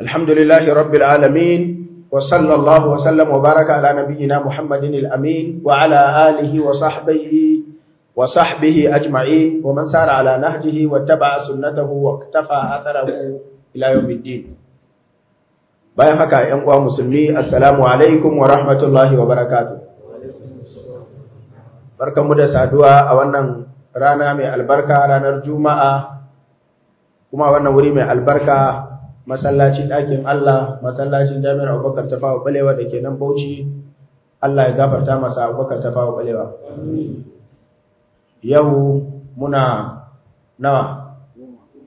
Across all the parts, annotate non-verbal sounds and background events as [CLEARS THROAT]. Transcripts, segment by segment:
الحمد لله رب العالمين وصلى الله وسلم وبارك على نبينا محمد الأمين وعلى آله وصحبه وصحبه أجمعين ومن سار على نهجه واتبع سنته واقتفى أثره إلى يوم الدين bayan haka ‘yan uwa musulmi Asalamu alaikum wa rahmatullahi wa barakatu barkanmu da saduwa a wannan rana mai albarka ranar juma'a kuma wannan wuri mai albarka masallacin ɗakin Allah masallacin jami'ar abubakar ta fawo ɓalewa da ke nan bauchi Allah ya gafarta masa abubakar ta fawo ɓalewa yau muna nawa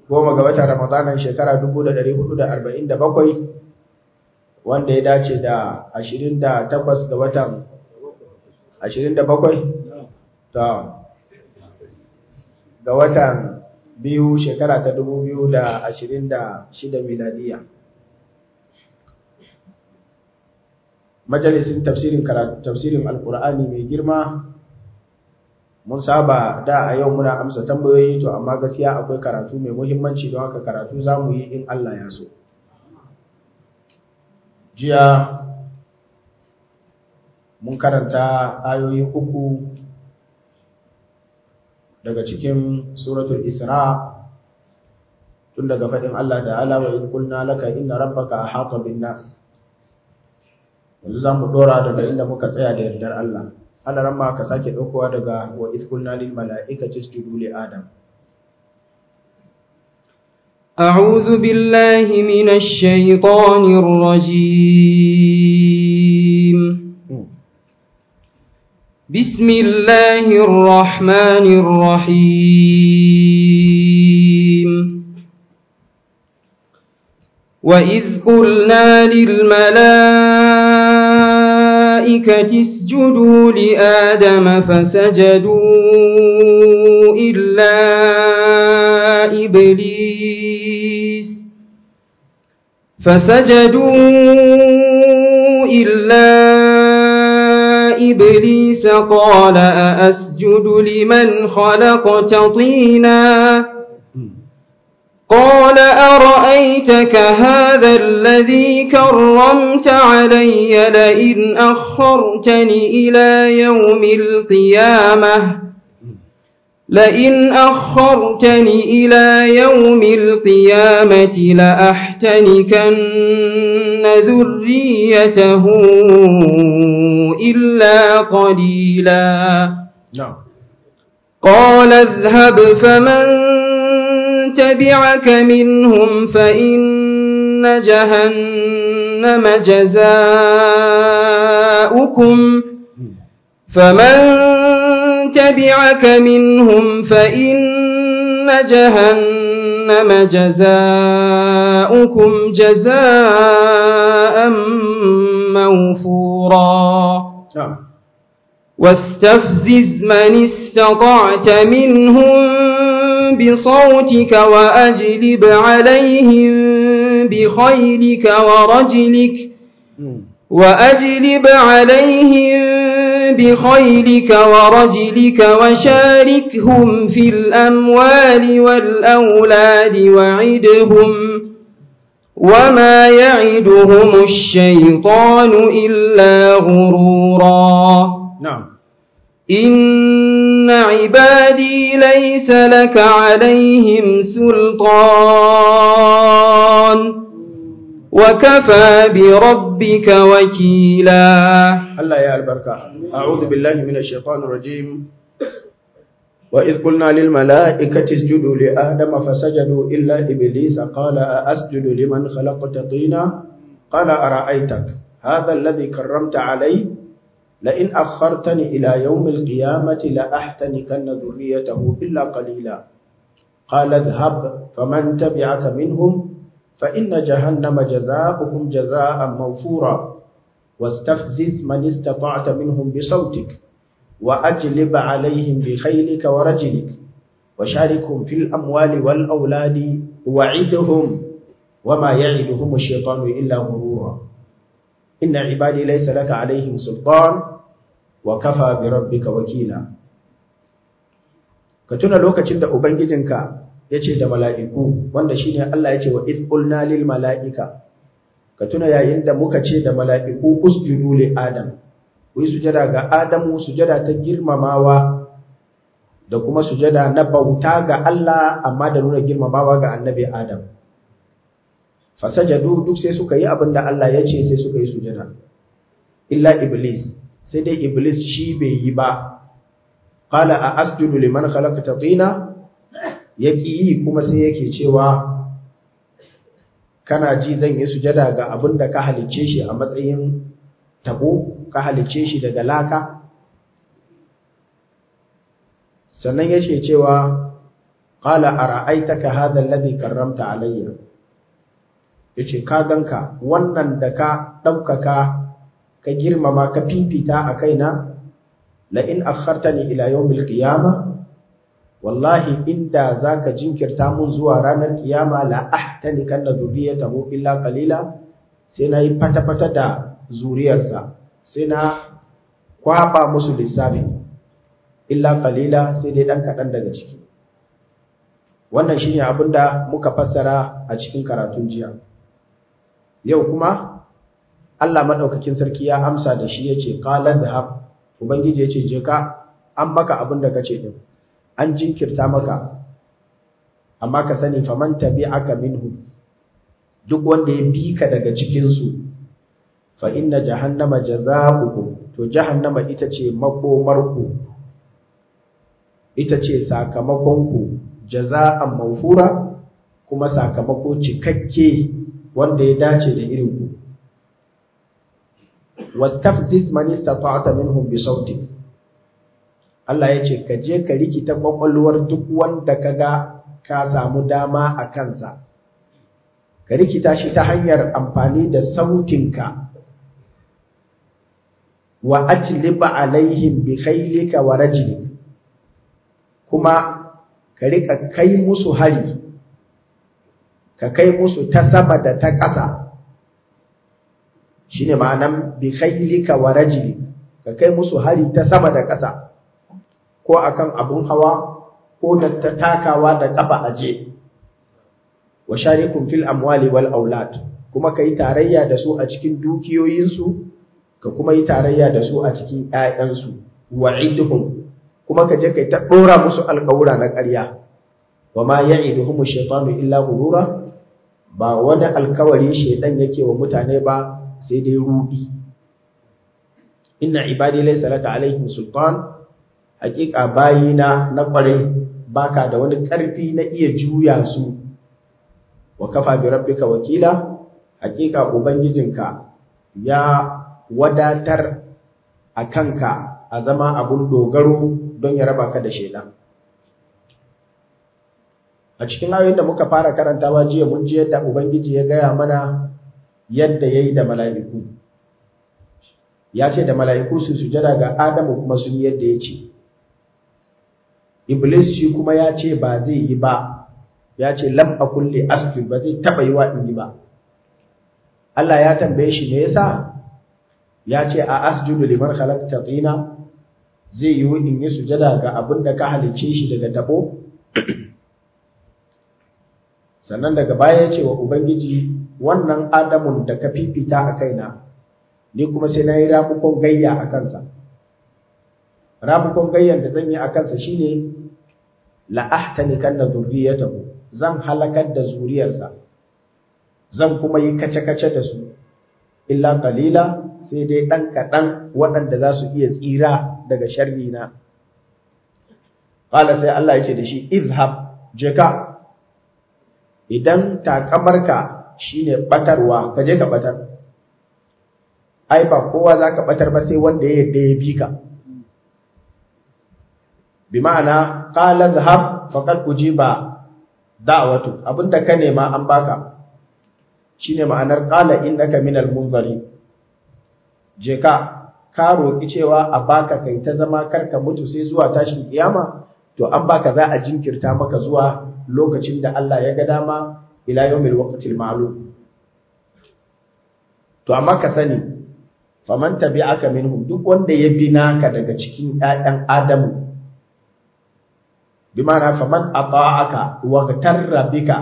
goma ga watan ramadanan shekara 1447 wanda ya dace da 28 ga watan 27 ga watan biyu shekara ta dubu biyu da ashirin da shida miladiya. Majalisin tafsirin tafsirin mai girma mun saba da a yau muna amsa tambayoyi to amma gaskiya akwai karatu mai muhimmanci don haka karatu za mu yi in Allah ya so. Jiya mun karanta ayoyi uku daga cikin suratul Isra tun daga faɗin Allah ta'ala wa idh laka inna rabbaka ahata bin nas yanzu mu dora daga inda muka tsaya da yardar Allah ana ramma ka sake daukowa daga wa idh lil mala'ika li adam أعوذ بالله من الشيطان الرجيم بسم الله الرحمن الرحيم وإذ قلنا للملائكة اسجدوا لآدم فسجدوا إلا إبليس فسجدوا إلا إبليس إبليس قال أأسجد لمن خلقت طينا قال أرأيتك هذا الذي كرمت علي لئن أخرتني إلى يوم القيامة لئن أخرتني إلى يوم القيامة لأحتنكن ذريته إلا قليلا نعم. قال اذهب فمن تبعك منهم فإن جهنم جزاؤكم فمن تبعك منهم فإن جهنم جزاؤكم جزاء موفورا نعم. واستفزز من استطعت منهم بصوتك وأجلب عليهم بخيلك ورجلك وأجلب عليهم بخيلك ورجلك وشاركهم في الأموال والأولاد وعدهم وما يعدهم الشيطان إلا غرورا نعم إن عبادي ليس لك عليهم سلطان وكفى بربك وكيلا الله يا البركة أعوذ بالله من الشيطان الرجيم وإذ قلنا للملائكة اسجدوا لآدم فسجدوا إلا إبليس قال أسجد لمن خلقت طينا قال أرأيتك هذا الذي كرمت علي لئن أخرتني إلى يوم القيامة لأحتنكن ذريته إلا قليلا قال اذهب فمن تبعك منهم فإن جهنم جزاؤكم جزاء موفورا واستفزز من استطعت منهم بصوتك وأجلب عليهم بخيلك ورجلك وشاركهم في الأموال والأولاد وعدهم وما يعدهم الشيطان إلا غرورا إن عبادي ليس لك عليهم سلطان وكفى بربك وكيلا كتنا لوكا تشد أبنجدنك yace da mala'iku wanda shine Allah ya ce wa iz qulna lil mala'ika ka tuna yayin da muka ce da mala'iku usjudu li adam ku yi sujada ga adamu sujada ta girmamawa da kuma sujada na bauta ga Allah amma da nuna girmamawa ga annabi adam fasajadu duk sai suka yi abin Allah ya ce sai suka yi sujada illa iblis sai dai iblis shi bai yi ba qala a asjudu liman khalaqta tina yake yi kuma sai yake cewa kana ji zan yi sujada ga abin da ka halicce shi a matsayin tabo ka halicce shi daga laka sannan yake cewa qala ara'aitaka hadha alladhi karramta alayya yace ka ganka wannan da ka daukaka ka girmama ka fifita a kaina la in akhartani ila yawmil qiyamah wallahi inda zaka jinkirta mun zuwa ranar kiyama la ahtani kan zurriyatahu illa qalila sai na yi fata fata da zuriyarsa sai na kwaba musu lissafi illa qalila sai dai ɗan kaɗan daga ciki wannan shine da muka fassara a cikin karatun jiya yau kuma Allah madaukakin sarki ya amsa da shi yace qala zahab ubangiji yace je ka an maka abin ka kace din an jinkirta maka amma ka sani fa faman tabi'aka minhu duk wanda ya bi ka daga cikin su fa inna jahannama jazaa'uhu to jahannama ita ce makomarku ita ce sakamakon ku jazaa'an mawfura kuma sakamako cikakke wanda ya dace da irin ku wastafziz man istata'ta minhum bi sawtika Allah ya ce ka je ka rikita kwakwalwar duk wanda ka ga ka samu dama a kansa ka rikita shi ta hanyar amfani da sautinka wa ajlib alaihim bi khaylika wa rajlik kuma ka rika kai musu hari ka kai musu ta sama da ta ƙasa shine ma'anan bi khaylika wa rajlik ka kai musu hari ta sama da ƙasa ko a kan abun hawa ko da ta takawa da kafa aje wa sharikum fil amwali wal aulad kuma kai tarayya da su a cikin dukiyoyinsu ka kuma yi tarayya da su a cikin yayansu wa idhum kuma ka je kai ta dora musu alƙawura na ƙarya wa ma ya'iduhum shaytanu illa ghurura ba wani alkawari shaidan yake wa mutane ba sai dai rubi inna ibadi laysa lata alaihim sultan hakika bayina na kwarai baka da wani karfi na iya juya su wa kafa bi rabbika wakila hakika ubangijinka ya wadatar a kanka a zama abun dogaro don ya raba ka da shaidan a cikin ayoyin da muka fara karantawa jiya mun ji yadda ubangiji ya gaya mana yadda ya yi da mala'iku ya ce da mala'iku su sujada ga adamu kuma sun yadda ya ce iblis shi kuma ya ce ba zai yi ba ya ce lam kulle li ba zai taba yi wa in yi ba Allah ya tambaye shi me yasa ya ce a asjudu liman khalaqta tina zai yi in yi sujada ga abin da ka halicce shi daga tabo [CLEARS THROAT] sannan daga baya ya ce wa ubangiji wannan adamun da ka fifita a kaina ni kuma sai na yi ramukon gayya a kansa rabukon gayyan da zan yi a kansa shi ne la ya zurriyatahu zan halakar da zuriyarsa zan kuma yi kace-kace da su illa kalila sai dai ɗan kaɗan waɗanda za su iya tsira daga sharri na sai Allah ya ce da shi izhab jeka idan takamarka ne ɓatarwa ka je ka ɓatar. ai ba kowa ka ɓatar ba sai wanda ya yadda ya bi ka bima'ana qala dhhab faqad ujiba da'watu abinda ka nema an baka shine ma'anar qala innaka minal munzari je ka ka cewa a baka kai ta zama karka mutu sai zuwa tashin kiyama to an baka za a jinkirta maka zuwa lokacin da Allah ya ga dama ila yawmil waqtil ma'lum to amma ka sani faman tabi'aka minhum duk wanda ya bi naka daga cikin ƴaƴan adamu bimana faman ata'aka wa tarra bika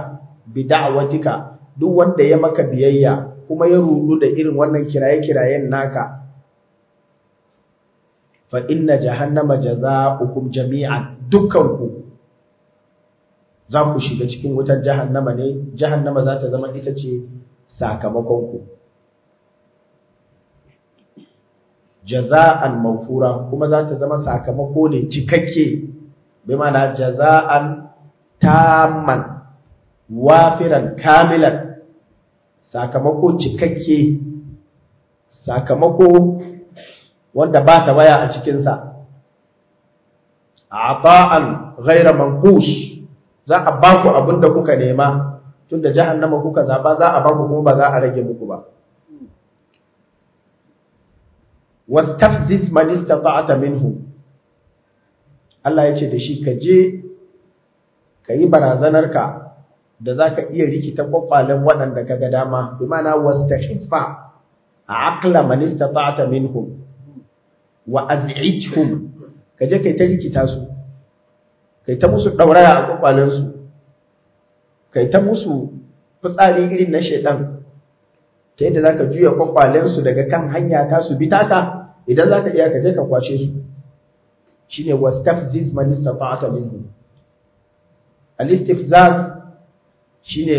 bi da'watika duk wanda ya maka biyayya kuma ya rudu da irin wannan kiraye-kirayen naka fa inna jahannama jazaa'ukum jami'an dukkan ku za ku shiga cikin wutar jahannama ne jahannama za ta zama ita ce sakamakon ku jaza'an mawfura kuma za ta zama sakamako ne cikakke bimana ma'ana jaza'an tamman wafiran kamilan sakamako cikakke sakamako wanda ba ta waya a cikinsa ata'an ghaira manqush za a ba ku abin da kuka nema tunda jahannama kuka zaba za a ba ku kuma ba za a rage muku ba wastafziz man istata'ta minhu Allah ya ce da shi ka je ka yi barazanarka da za ka iya rikita kwakwalen waɗanda ka ga dama bi wasu wasta shifa a akla man ta minhum wa az'ijhum ka je kai ta rikita su kai ta musu ɗauraya a kwakwalensu kai ta musu fitsari irin na shaidan ta yadda za ka juya kwakwalensu daga kan hanya ta su bi taka idan za ka iya ka je ka kwashe su shine wastafziz man istata'ta minhu alistifzaz shi ne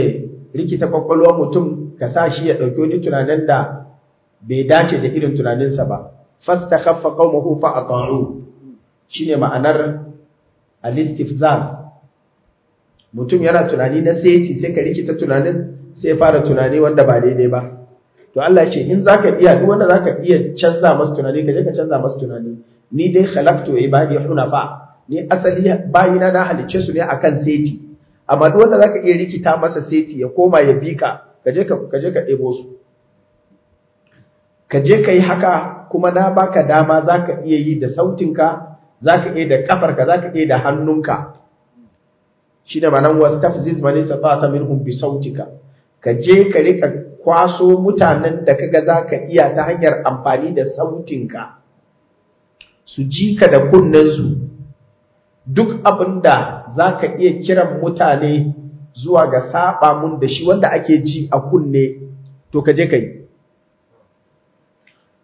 rikita kwakwalwar mutum ka sa shi ya ɗauki wani tunanin da bai dace da irin tunaninsa ba hufa a ƙaru. Shi ne ma'anar alistifzaz mutum yana tunani na saiti sai ka rikita tunanin sai fara tunani wanda ba daidai ba to Allah ya ce in za ka iya duk wanda za ka iya canza masu tunani ka je ka canza masu tunani ni dai khalaqtu ibadi hunafa ni asali bayina na halicce su ne akan seti amma duk wanda zaka iya rikita masa seti ya koma ya bika kaje ka kaje ka ebo su kaje kai haka kuma na baka dama zaka iya yi da sautinka zaka iya da kafarka zaka iya da hannunka da manan tafziz man istata minhum bi sautika kaje ka rika kwaso mutanen da kaga zaka iya ta hanyar amfani da sautinka su ji ka da kunnensu duk abin da za ka iya kiran mutane zuwa ga saɓa mun da shi wanda ake ji a kunne to ka je ka yi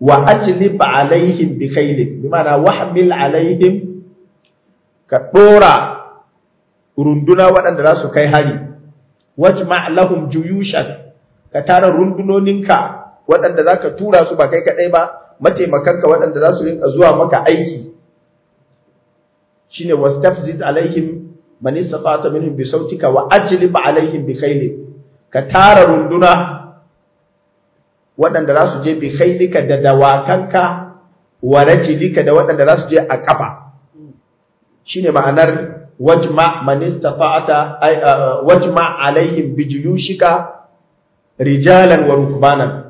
wa ajlib alaihim bi khailin bi ma'ana wahmil alaihim ka ɗora runduna waɗanda za su kai hari wajma lahum juyushan ka tara rundunoninka waɗanda za ka tura su ba kai kaɗai ba mataimakanka waɗanda za su rinka zuwa maka aiki shine wastafzid alaihim man istata minhum bi sautika wa ajlib alaihim bi ka tara runduna waɗanda za su je bi khaylika da dawakanka wa da waɗanda za su je a kafa shine ma'anar wajma man istata wajma alaihim bi juyushika rijalan wa rukbanan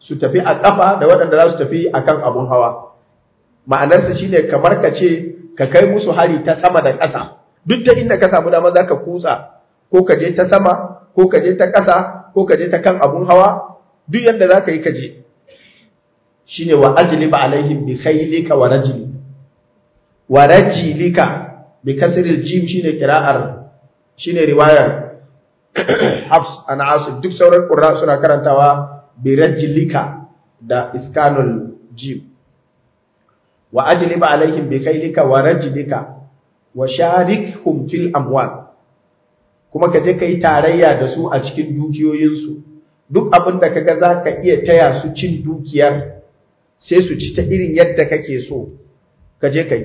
su tafi a ƙafa da waɗanda za su tafi a kan abun hawa ma'anarsa shine kamar ka ce ka kai musu hari ta sama da ƙasa duk ta inda ka samu dama za ka kutsa ko ka je ta sama ko ka je ta ƙasa ko ka je ta kan abun hawa duk yadda za ka yi ka je shine wa ajliba alaihim bi khaylika wa rajli wa rajlika bi kasril jim shine qira'ar shine riwayar [COUGHS] Hafs an Asif duk sauran qurra suna karantawa Birajilika da iskanul jim wa ajliba alaihim bi kailika wa rajdika wa sharikhum fil amwal kuma ka je kai tarayya da su a cikin dukiyoyinsu duk abin da kaga zaka iya taya su cin dukiyar sai su ci ta irin yadda kake so ka je kai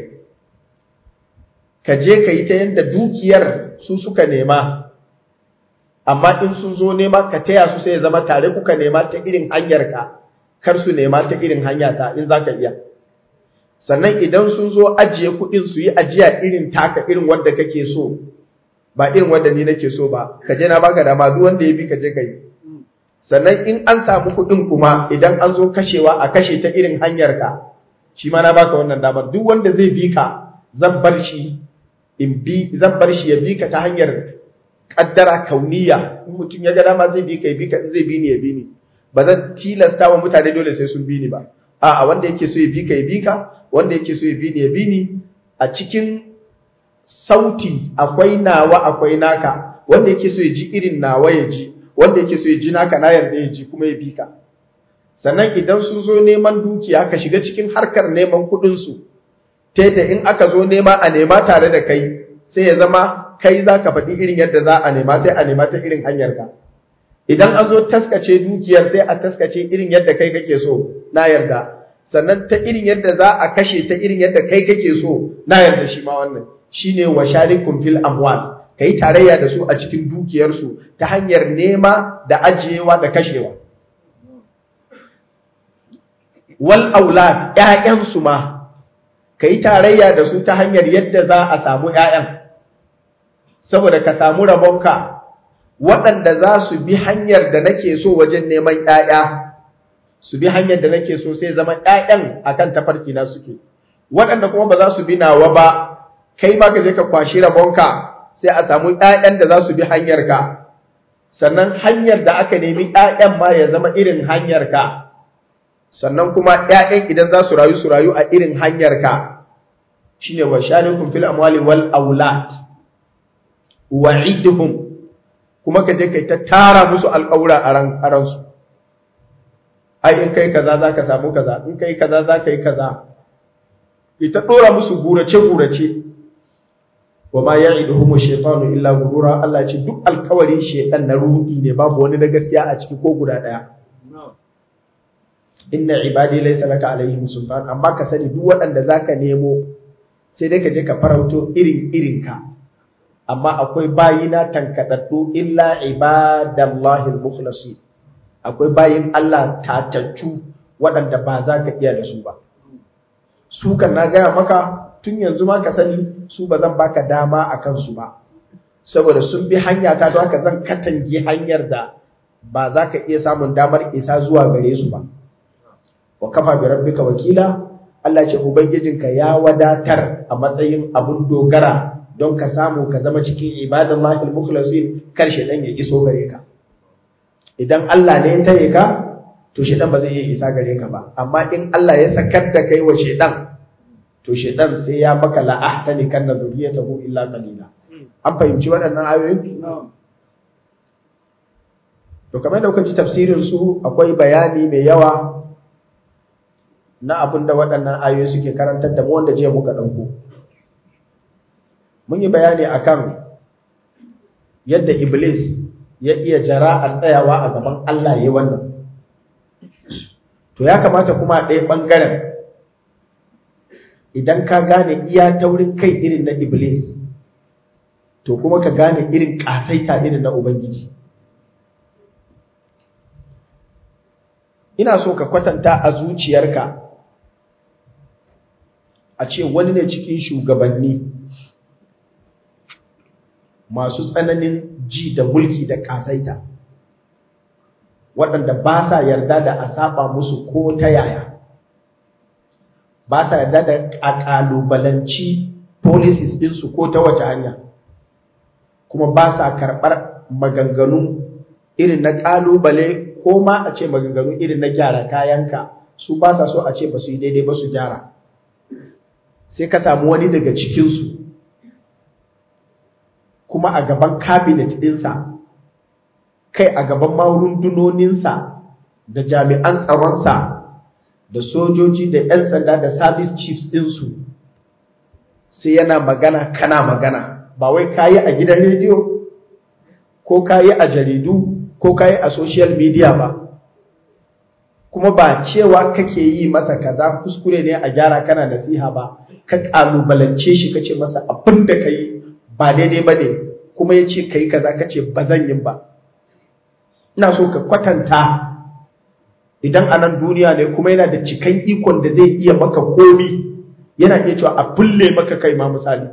ka je kai ta yanda dukiyar su suka nema amma in sun zo nema ka taya su sai ya zama tare kuka nema ta irin hanyar ka kar su nema ta irin hanya ta in zaka iya sannan idan sun zo ajiye kuɗin su yi ajiya irin taka irin wanda kake so ba irin wanda ni nake so ba ka je na baka dama duk wanda ya bi ka je ka yi sannan in an samu kuɗin kuma idan an zo kashewa a kashe ta irin hanyar ka shi ma na baka wannan damar duk wanda zai bi ka zan bar shi in bi zan bar shi ya bi ka ta hanyar kaddara kauniya in mutum ya ga dama zai bi ka bi ka in zai bi ni ya bi ni ba zan tilasta wa mutane dole sai sun bi ni ba a'a wanda yake so ya bi ka ya bi ka wanda yake so ya bi ni ya bi ni a cikin sauti akwai nawa akwai naka wanda yake so ya ji irin nawa ya ji wanda yake so ya ji naka na yarda ya ji kuma ya bi ka sannan idan sun zo neman dukiya ka shiga cikin harkar neman kuɗinsu ta yadda in aka zo nema a nema tare da kai sai ya zama kai za ka faɗi irin yadda za a nema sai a nema ta irin hanyar ka idan an zo taskace dukiyar sai a taskace irin yadda kai kake so na yarda sannan ta irin yadda za a kashe ta irin yadda kai kake so na yarda shi ma wannan shine wa sharikum fil amwal kai tarayya da su a cikin dukiyarsu ta hanyar nema da ajiyewa da kashewa wal aulad 'ya'yansu ma kai tarayya da su ta hanyar yadda za a samu 'ya'yan. saboda ka samu rabonka waɗanda za su bi hanyar da nake so wajen neman ‘ya'ya, su bi hanyar da nake so sai zama ‘ya'yan a kan tafarkina suke, waɗanda kuma ba za su bi nawa ba, kai ma ka je ka kwashi rabonka sai a samu ‘ya'yan da za su bi ka, sannan hanyar da aka nemi ‘ya'yan ma ya zama irin hanyarka, sannan kuma ‘ya'yan idan za su rayu su rayu a irin hanyar ka. shine wa shanikun fil amwali wal aulad. wa'idhum kuma ka je kai ta tara musu alƙawura a ransu ai in kai kaza za ka samu kaza in kai kaza za ka yi kaza ita ɗora musu gurace-gurace wa ma ya idu illa gurura Allah ce duk alƙawarin shaitan na ruɗi ne babu wani na gaskiya a ciki ko guda ɗaya inna ibadi laysa laka alaihim sultan amma ka sani duk waɗanda zaka nemo sai dai ka je ka farauto irin irinka amma akwai bayina tankaɗaɗɗu illa ibadallahi al-mukhlasi akwai bayin Allah tataccu waɗanda ba za ka iya da su ba su kan na gaya maka tun yanzu ma ka sani su ba zan baka dama a kansu ba saboda sun bi hanya ta zo haka zan katange hanyar da ba za ka iya samun damar isa zuwa gare su ba wa kafa bi rabbika wakila Allah ce ubangijinka ya wadatar a matsayin abun dogara don ka samu ka zama cikin Ibadan al-mukhlasin kar shedan ya iso gare ka idan Allah ne ya tare ka to shedan ba zai iya isa gare ka ba amma in Allah ya sakar da kai wa shedan to shedan sai ya la'a ta ahtani kan zuriyatahu illa qalila an fahimci waɗannan ayoyin to kamar da kuka ji tafsirin su akwai bayani mai yawa na abin da waɗannan ayoyi suke karantar da mu wanda jiya muka ɗauko mun yi bayani akan yadda iblis ya iya jara a tsayawa a gaban Allah yi wannan to ya kamata kuma ɗaya ɓangaren idan ka gane iya taurin kai irin na iblis to kuma ka gane irin ƙasaita irin na ubangiji ina so ka kwatanta a zuciyarka a ce wani ne cikin shugabanni masu tsananin ji da mulki da ƙasaita waɗanda ba sa yarda da a saba musu ko ta yaya ba sa yarda da a ƙalubalanci policies ɗinsu ko ta wace hanya kuma ba sa karɓar maganganu irin na ƙalubale ko ma a ce maganganu irin na gyara kayanka su ba sa so a ce ba su yi daidai ba su gyara sai ka samu wani daga cikinsu kuma a gaban kabinet ɗinsa kai a gaban marundunoninsa da jami'an tsaronsa da sojoji da 'yan sanda da service chiefs ɗinsu sai yana magana kana magana ba wai kayi a gidan rediyo ko kayi a jaridu ko kayi a social media ba kuma ba cewa kake yi masa kaza kuskure ne a gyara kana nasiha ba ka ƙalubalance shi kace masa abin da ka yi ba daidai ba ne kuma ya ce ka yi kaza ka ce ba zan yin ba ina so ka kwatanta idan a nan duniya ne kuma yana da cikan ikon da zai iya maka komi yana iya cewa a bulle maka kai ma misali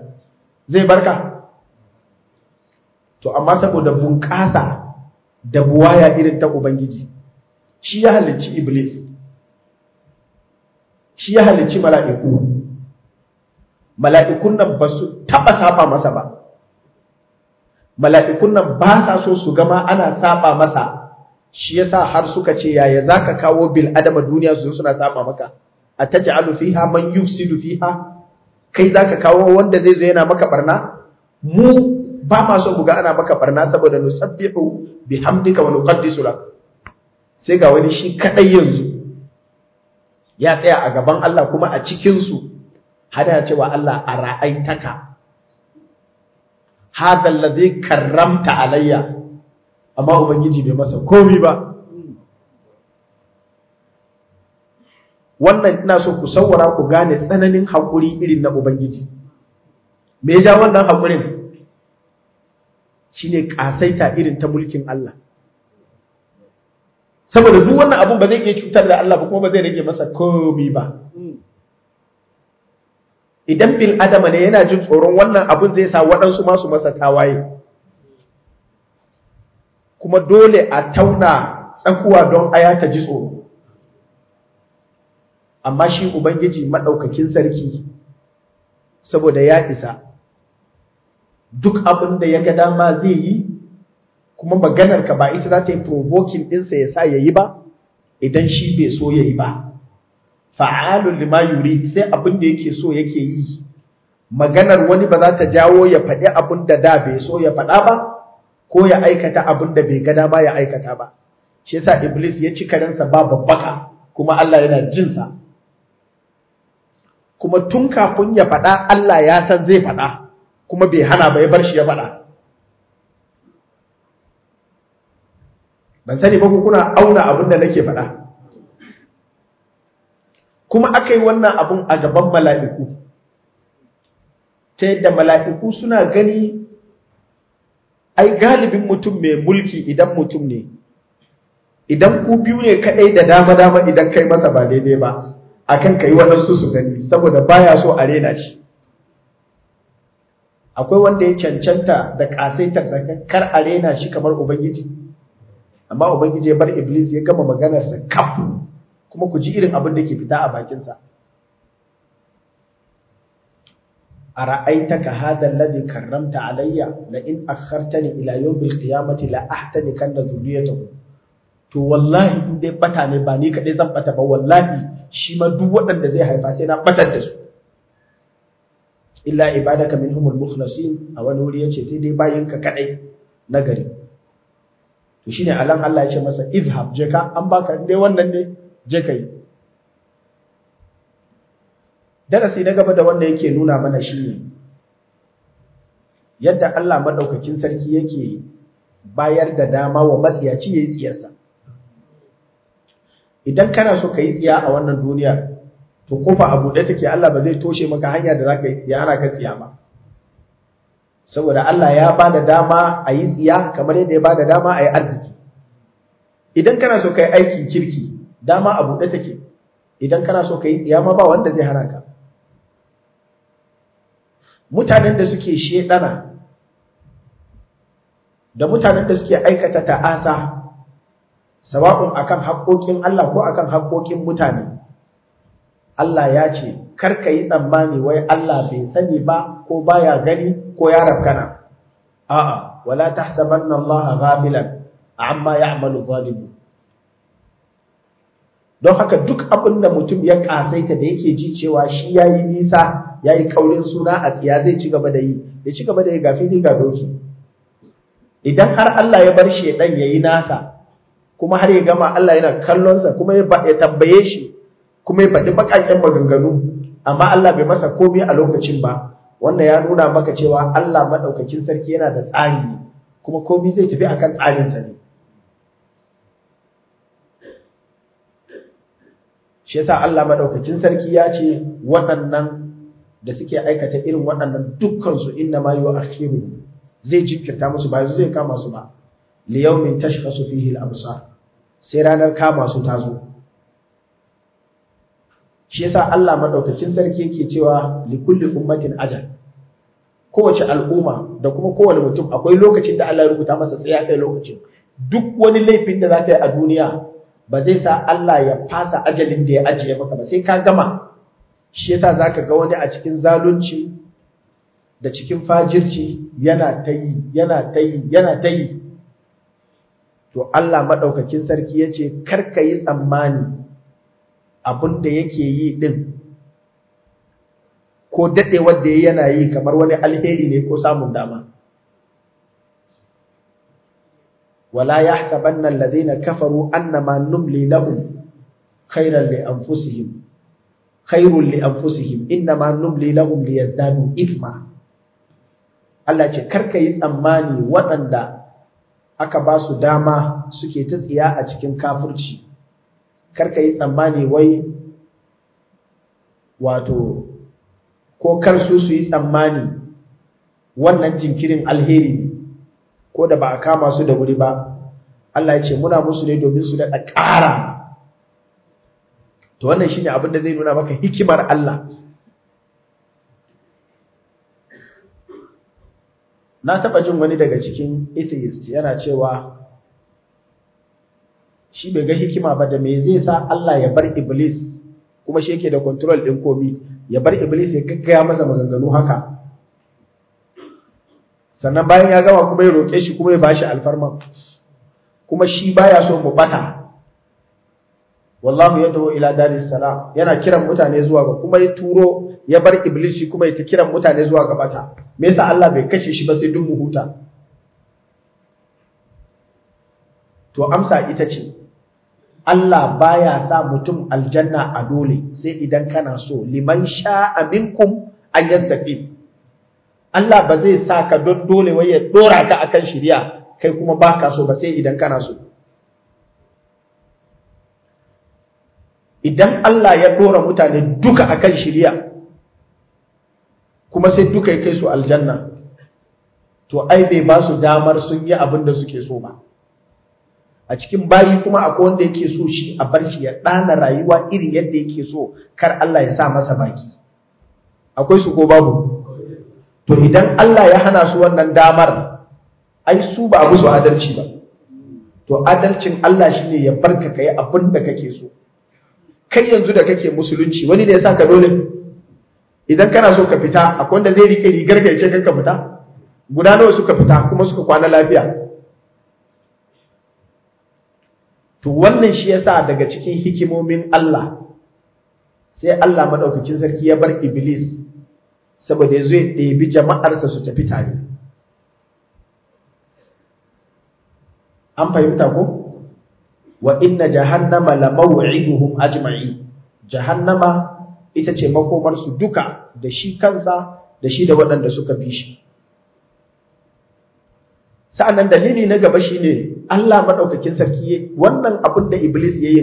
zai barka to amma saboda bunƙasa da buwaya irin ta ubangiji shi ya halicci iblis shi ya halicci mala'iku mala'ikun nan ba su taɓa saba masa ba mala'ikun nan ba sa so su gama ana saba masa shi yasa har suka ce yaya za ka kawo bil adama duniya su suna saba maka a ta fiha man yufsidu fiha kai za ka kawo wanda zai zo yana maka barna mu ba ma so mu ga ana maka barna saboda nusabbihu bihamdika wa nuqaddisu lak sai ga wani shi kadai yanzu ya tsaya a gaban Allah kuma a cikin su hada wa Allah a ra'aitaka hadha zai karramta alayya amma ubangiji bai masa komi ba wannan ina so ku sawara ku gane tsananin haƙuri irin na ubangiji me ja wannan shi shine ƙasaita irin ta mulkin Allah saboda duk wannan abun ba zai iya cutar da Allah ba kuma ba zai rage masa komi ba idan bil adama ne yana jin tsoron wannan abin zai sa waɗansu masu masa tawaye kuma dole a tauna tsakuwa don aya ta ji tsoro amma shi ubangiji maɗaukakin sarki saboda ya isa duk abin da ya ga dama zai yi kuma maganar ka ba ita za ta yi provoking ɗinsa ya sa ya yi ba idan shi bai so ya yi ba fa'alun lima yuri sai abin da yake so yake yi maganar wani ba za ta jawo ya faɗi abin da da bai so ya faɗa ba ko ya aikata abin da bai gada ba ya aikata ba shi yasa iblis ya ci karinsa ba babbaka kuma Allah yana jinsa kuma tun kafin ya faɗa Allah ya san zai faɗa kuma bai hana ba ya bar shi ya faɗa ban sani ba ku, kuna auna abin da nake faɗa kuma aka yi wannan abun a gaban mala'iku ta yadda mala'iku suna gani ai galibin mutum mai mulki idan mutum ne idan ku biyu ne kaɗai da dama-dama idan kai masa ba daidai ba a akan kai waɗansu su gani saboda baya so a rena shi akwai wanda ya cancanta da ƙasaitar sakan kar a rena shi kamar ubangiji amma ubangiji ya bar iblis ya gama maganarsa kaf kuma ku ji irin abin da ke fita a bakinsa a ra'aitaka hadha alladhi karramta alayya la in akhartani ila yawm alqiyamati la ahtani kan dhurriyatahu to wallahi in dai bata ne ba ni kadai zan bata ba wallahi shi ma duk waɗanda zai haifa sai na batar da su illa ibadaka minhumul mukhlasin a wani wuri yace sai dai bayinka kadai nagari to shine alan Allah ya ce masa izhab je ka an baka dai wannan ne je ka yi darasi na gaba da wanda yake nuna mana shi ne yadda Allah maɗaukakin sarki yake bayar da dama wa matsiyaci ya yi tsiyarsa idan kana so ka yi tsiya a wannan duniya to kofa a buɗe take Allah ba zai toshe maka hanya da za ka yi ana ka tsiya ba saboda Allah ya ba da dama a yi tsiya kamar yadda ya ba da dama a yi arziki idan kana so ka yi aikin kirki dama a buɗe take idan kana so ka yi tsiya ba wanda zai hana ka mutanen da suke shedana da mutanen da suke aikata ta'asa sawa'un akan haƙoƙin Allah ko akan haƙoƙin mutane Allah ya ce karka yi tsammani wai Allah bai sani ba ko baya gani ko ya rabkana'. a'a wala tahsabanna Allah ghafilan amma ya'malu zalimun don haka duk abin da mutum ya kasaita da yake ji cewa shi ya yi nisa ya yi kaurin suna a tsiya zai ci gaba da yi ya ci gaba da yi gafi ne ga doki idan har Allah ya bar shi ya yi nasa kuma har ya gama Allah yana kallonsa kuma ya tambaye shi kuma ya faɗi baƙaƙen maganganu amma Allah bai masa komai a lokacin ba wannan ya nuna maka cewa Allah maɗaukakin sarki yana da tsari kuma komai zai tafi akan tsarinsa ne shi yasa Allah madaukakin sarki ya ce waɗannan da suke aikata irin waɗannan dukkan su inna ma yu'akhiru zai jinkirta musu ba zai kama su ba li yawmin tashkhasu fihi al-absar sai ranar kama su ta zo shi yasa Allah madaukakin sarki yake cewa li kulli ummatin ajal kowace al'umma da kuma kowane mutum akwai lokacin da Allah ya rubuta masa tsaya da lokacin duk wani laifin da za ka yi a duniya ba zai sa Allah ya fasa ajalin da ya ajiye maka ba sai ka gama shi yasa zaka ga wani a cikin zalunci da cikin fajirci yana ta yana ta yana tayi to Allah madaukakin sarki yace kar ka yi tsammani abun da yake yi din ko dadewar da yana yi kamar wani alheri ne ko samun dama wala يحسبن الذين kafaru annama numli lahum khairan li anfusihim khairun li anfusihim innama numli lahum Allah ce karka yi tsammani waɗanda aka ba su dama suke ta tsiya a cikin kafirci karka yi tsammani wai wato ko kar su su yi tsammani wannan jinkirin alheri ko da ba a kama su da wuri ba Allah ya ce muna musu ne domin su daɗa ƙara to wannan shine abin da zai nuna maka hikimar Allah na taɓa jin wani daga cikin atheist yana cewa shi bai ga hikima ba da me zai sa Allah ya bar iblis kuma shi yake da control ɗin komi ya bar iblis ya gaggaya masa maganganu haka sannan bayan ya gama kuma ya roƙe shi kuma ya bashi alfarma. kuma shi baya so mu bata wallahu yad'u ila daris salam yana kiran mutane zuwa ga kuma ya turo ya bar iblis shi kuma ya ta kiran mutane zuwa ga bata me yasa Allah bai kashe shi ba sai duk mu huta to amsa ita ce Allah baya sa mutum aljanna a dole sai idan kana so liman sha'a minkum an yastaqim Allah ba zai sa ka don dole wai ya dora ka akan shirya kai kuma ba ka so ba sai idan kana so idan Allah ya dora mutane duka akan shirya kuma sai duka ya kai su aljanna to ai bai ba su damar sun yi abin da suke so ba a cikin bayi kuma akwai wanda yake so shi a bar shi ya ɗana rayuwa irin yadda yake so kar Allah ya sa masa baki akwai su ko babu to idan Allah ya hana su wannan damar ai su ba musu adalci ba to adalcin Allah shine ya barka kai abin da kake so kai yanzu da kake musulunci wani ne ya saka dole idan kana so ka fita akwai wanda zai rike rigar ka ya ce ka fita guda nawa suka fita kuma suka kwana lafiya to wannan shi yasa daga cikin hikimomin Allah sai Allah madaukakin sarki ya bar iblis saboda ya zo ya ɗebi jama'arsa su tafi tare an fahimta ko wa inna jahannama la maw'iduhum ajma'i jahannama ita ce makomarsu duka da shi kansa da shi da waɗanda suka bi shi nan dalili na gaba shine Allah maɗaukakin sarki wannan abin da Iblis ya yi.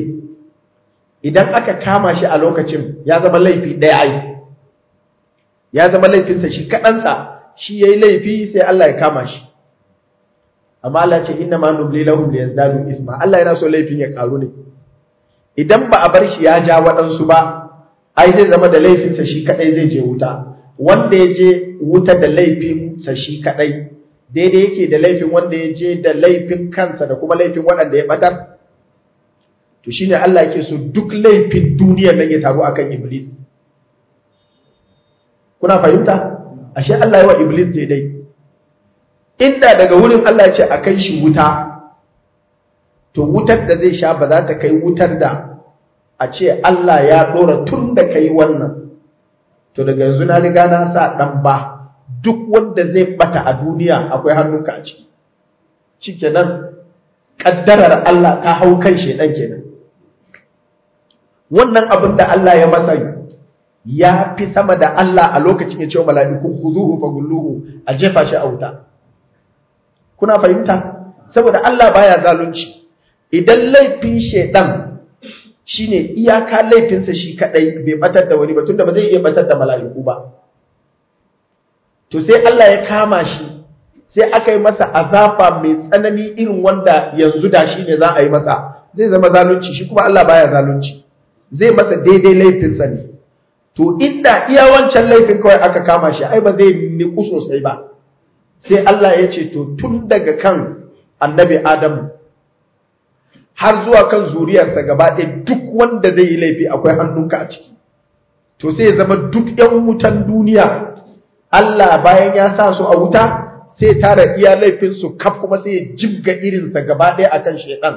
idan aka kama shi a lokacin ya zama laifi ɗaya ai ya zama laifinsa shi kaɗansa shi ya yi laifi sai Allah ya kama shi amma Allah ce inna ma nubli lahum liyazdadu isma Allah yana so laifin ya ƙaru ne idan ba a bar shi ya ja waɗansu ba ai zai zama da laifinsa shi kaɗai zai je wuta wanda ya je wuta da laifinsa shi kaɗai daidai yake da laifin wanda ya je da laifin kansa da kuma laifin waɗanda ya ɓatar to shi ne Allah yake so duk laifin duniya nan ya taru akan iblis kuna fahimta ashe Allah yawa iblis daidai inda daga wurin Allah ce a kai shi wuta to wutar da zai sha ba za ta kai wutar da a ce Allah ya dora tun da kai wannan to daga yanzu na riga na sa dan ba duk wanda zai bata a duniya akwai hannunka a ciki nan, kaddarar Allah ta hau kan shedan kenan wannan abin da Allah ya masa ya fi sama da Allah a lokacin ya ce wa mala'iku khuzuhu fa gulluhu a jefa shi a wuta kuna fahimta saboda Allah baya zalunci idan laifin shedan shine iyaka laifinsa shi kaɗai bai batar da wani ba tunda ba zai iya batar da mala'iku ba to sai Allah ya kama shi sai aka yi masa azafa mai tsanani irin wanda yanzu da shi ne za a yi masa zai zama zalunci shi kuma Allah baya zalunci zai masa daidai laifinsa ne to inda iya wancan laifin kawai aka kama shi ai ba zai niku sosai ba sai Allah ya ce to tun daga kan annabi Adam har zuwa kan zuriyarsa gaba ɗaya duk wanda zai yi laifi akwai hannunka a ciki to sai ya zama duk 'yan wutan duniya Allah bayan ya sa su a wuta sai tara iya laifin su kaf kuma sai ya jibga irinsa gaba ɗaya akan shaidan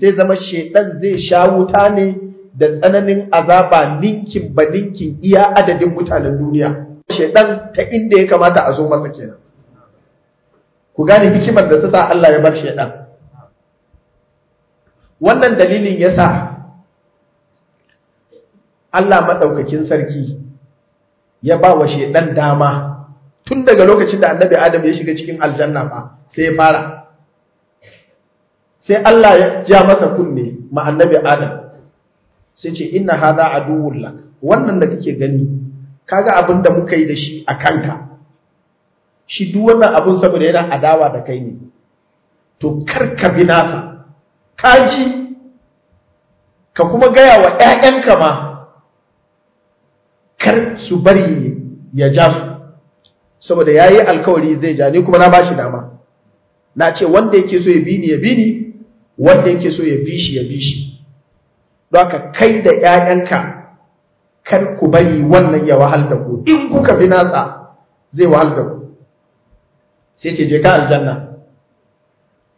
sai zama shaidan zai sha wuta ne da tsananin azaba ninkin ba ninkin iya adadin mutanen duniya shaidan ta inda ya kamata a zo masa kenan ku gane hikimar da ta sa Allah ya bar shaidan wannan dalilin ya sa Allah maɗaukakin sarki ya ba wa shaidan dama tun daga lokacin da annabi Adam ya shiga cikin aljanna ba sai ya fara sai Allah ya ja masa kunne ma annabi Adam sai ce inna hadha aduwwul lak wannan da kake gani kaga abin da muka yi da shi a kanka shi duk wannan abin saboda yana adawa da kai ne to kar ka bi nasa kaji ka kuma gaya wa ƴaƴanka ma kar su bari ya ja su saboda yayi alkawari zai ja ni kuma na bashi dama na ce wanda yake so ya bi ni ya bi ni wanda yake so ya bi shi ya bi shi don ka kai da ‘ya'yanka kar ku bari wannan ya wahal da ku in kuka bi natsa zai wahal da ku sai ce je ka aljanna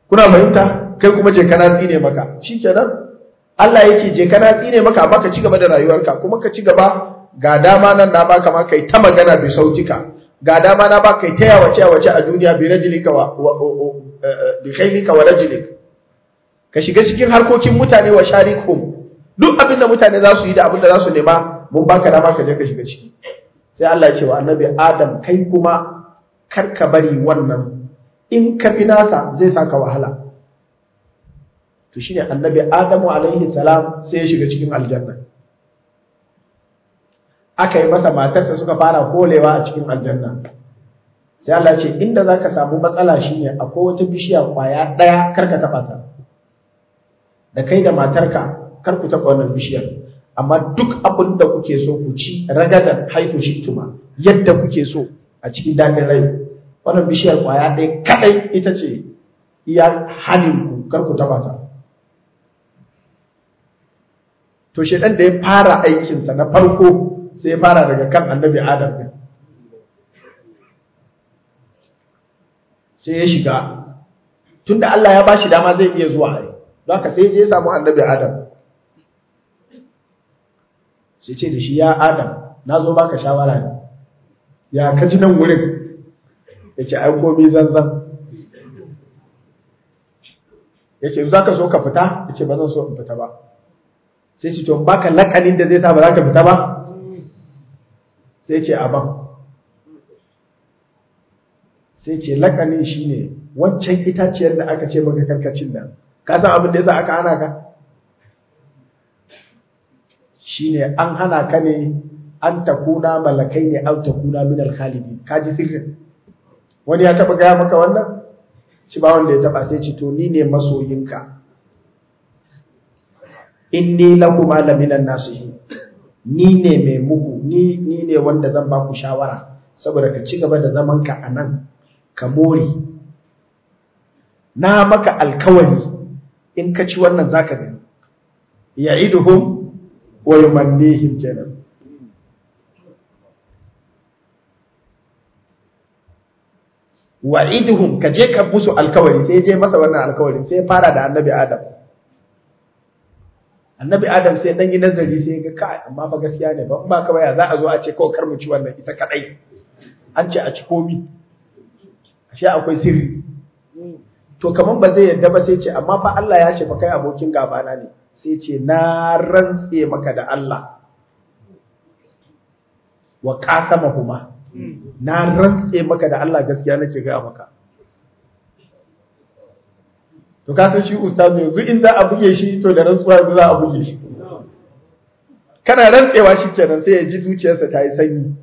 kuna fahimta kai kuma je kana tsine maka shi nan. Allah yake je kana tsine maka amma ka ci gaba da rayuwarka kuma ka ci gaba ga dama nan na baka ma kai ta magana bai ka. ga dama na baka kai ta yawace yawace a duniya bi rajulika wa eh, eh, bi khailika wa rajulika ka shiga cikin harkokin mutane wa sharikum duk abin da mutane za su yi da abin da za su nema mun baka dama ka je ka shiga ciki sai Allah ya ce wa annabi Adam kai kuma kar ka bari wannan in ka fi nasa zai saka wahala to shine annabi Adamu alaihi salam sai ya shiga cikin aljanna aka yi masa matarsa suka fara kolewa a cikin aljanna sai Allah ya ce inda zaka samu matsala shine akwai wata bishiya kwaya daya karka taba ta da kai da matarka kar ku taɓa wannan bishiyar amma duk abin da kuke so ku ci raga da haifu tuma yadda kuke so a cikin daɗin rai wannan bishiyar kwaya ɗaya kaɗai ita ce iya halin ku kar ku taɓa ta to shedan da ya fara aikinsa na farko sai ya fara daga kan annabi adam ɗin sai ya shiga tunda Allah ya bashi dama zai iya zuwa ai don haka sai ya je samu annabi Adam sai ce da shi ya adam na zo baka shawara ne ya ka ji nan wurin ya ce ai komi zanzan ya ce za ka so ka fita ya ce ba zan so in fita ba sai ce to baka lakanin da zai sa ba za ka fita ba sai ce ban. sai ce lakanin shine wancan itaciyar da aka ce maka karkacin nan ka san abin da yasa aka ana ka shine an hana ka ne an takuna malakai ne an takuna min alkhalidi kaji sirrin wani ya taba gaya maka wannan ci ba wanda ya taba sai ci to ni ne masoyinka inni lakum ala minan yi. ni ne mai muku ni ni ne wanda zan ba ku shawara saboda ka ci gaba da zaman ka nan ka more na maka alkawari in ka ci wannan zaka gani ya'iduhum wa yumannihim kenan wa'iduhum ka je ka musu alkawari sai je masa wannan alkawari sai fara da annabi adam annabi adam sai dan yi nazari sai ga kai amma ba gaskiya ne ba ba ka baya za a zo a ce kawai kar mu ci wannan ita kadai an ce a ci komi ashe akwai sirri to kaman ba zai yadda ba sai ce amma fa Allah ya ce fa kai abokin gabana ne sai ce na rantse maka da Allah wa na rantse maka da Allah gaskiya nake ga maka to ka san shi ustazu yanzu in za a buge shi to da rantsuwa yanzu za a buge shi kana rantsewa shi kenan sai ya ji zuciyarsa ta yi sanyi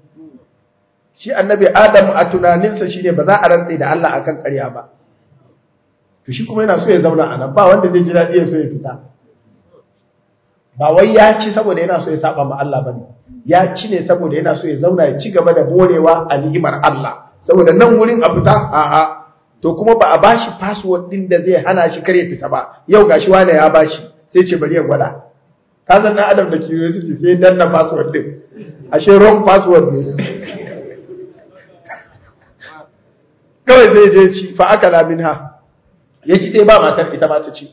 shi annabi adam a tunaninsa shine ba za a rantse da Allah akan ƙarya ba to shi kuma yana so ya zauna a nan ba wanda zai ji daɗi ya so ya fita ba wai ya ci saboda yana so ya saba ma Allah bane ya ci ne saboda yana so ya zauna ya ci gaba da borewa a ni'imar Allah saboda nan wurin a fita a a to kuma ba a bashi password din da zai hana shi kare fita ba yau gashi wani ya bashi sai ce bari ya gwada ka san dan adam da curiosity sai danna password din ashe wrong password ne kawai zai je ci fa akala minha ya ci sai ba matar ita ma ta ci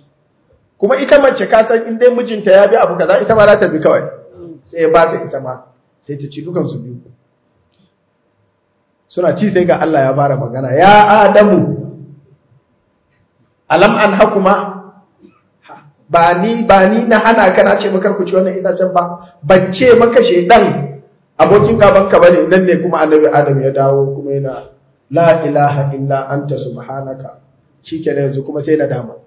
kuma ita mace ka san in dai mijinta ya bi abu kaza ita ma za ta bi kawai sai ya bata ita ma sai ta ci dukan su biyu suna ci sai ga Allah ya fara magana ya adamu alam an hakuma ba ni ba ni na hana ka na ce maka ku ci wannan itacen ba ban ce maka shedan abokin gaban ka bane nan ne kuma annabi adam ya dawo kuma yana la ilaha illa anta subhanaka shikenan yanzu kuma sai na dama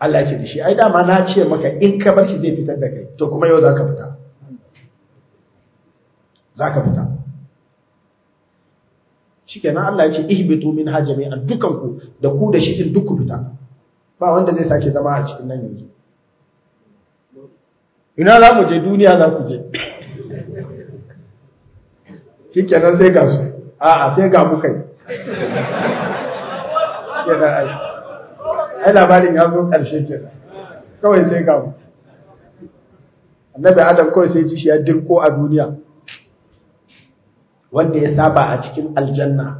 Allah ce da shi ai dama na ce maka in ka bar shi zai fitar da kai to kuma yau za ka fita za ka fita shi kenan Allah ya ce ihbitu min hajami an dukanku da ku da shi din duk ku fita ba wanda zai sake zama a cikin nan yanzu ina za mu je duniya za ku je shi kenan sai ga su a'a sai ga mu kai kenan ai ai labarin ya zo ƙarshe ke kawai sai gawo annabi adam kawai sai ji shi ya dirko a duniya wanda ya saba a cikin aljanna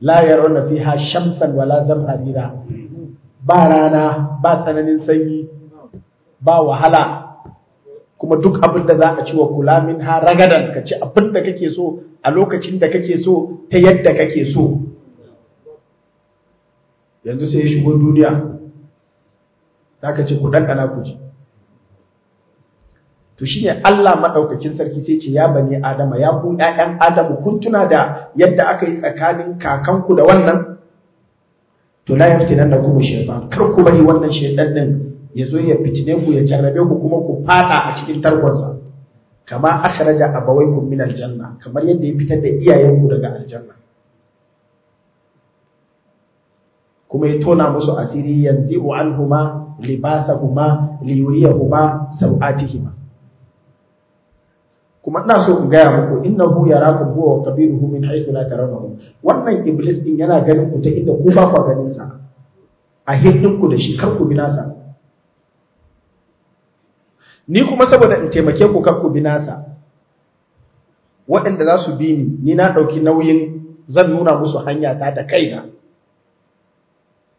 la fi fiha shamsan wala harira ba rana ba tsananin sanyi ba wahala kuma duk abin da za a ci wa kula min ha ragadan ka ci abin da kake so a lokacin da kake so ta yadda kake so yanzu sai ya shigo duniya za ka ce ku ɗanɗana ku ji to shi Allah maɗaukakin sarki sai ce ya bane adama ya ku ƴaƴan adamu kun tuna da yadda aka yi tsakanin kakanku da wannan to la yafti nan da kuma shaytan kar ku bari wannan shaytan din ya zo ya fitine ku ya jarrabe ku kuma ku fada a cikin tarkonsa kama akhraja abawaykum min aljanna kamar yadda ya fitar da iyayenku daga aljanna kuma ya tona musu asiri yanzu anhuma libasahuma liyuriyahuma sau'atihima kuma ina so in gaya muku innahu yarakum buwa wa qabiluhu min haythu la tarawnahum wannan iblis din yana ganin ku ta inda ku ba ku ganin sa a hiddin ku da shi kar ku bi nasa ni kuma saboda in taimake ku kar ku bi nasa waɗanda za su bi ni ni na ɗauki nauyin zan nuna musu hanya ta da kaina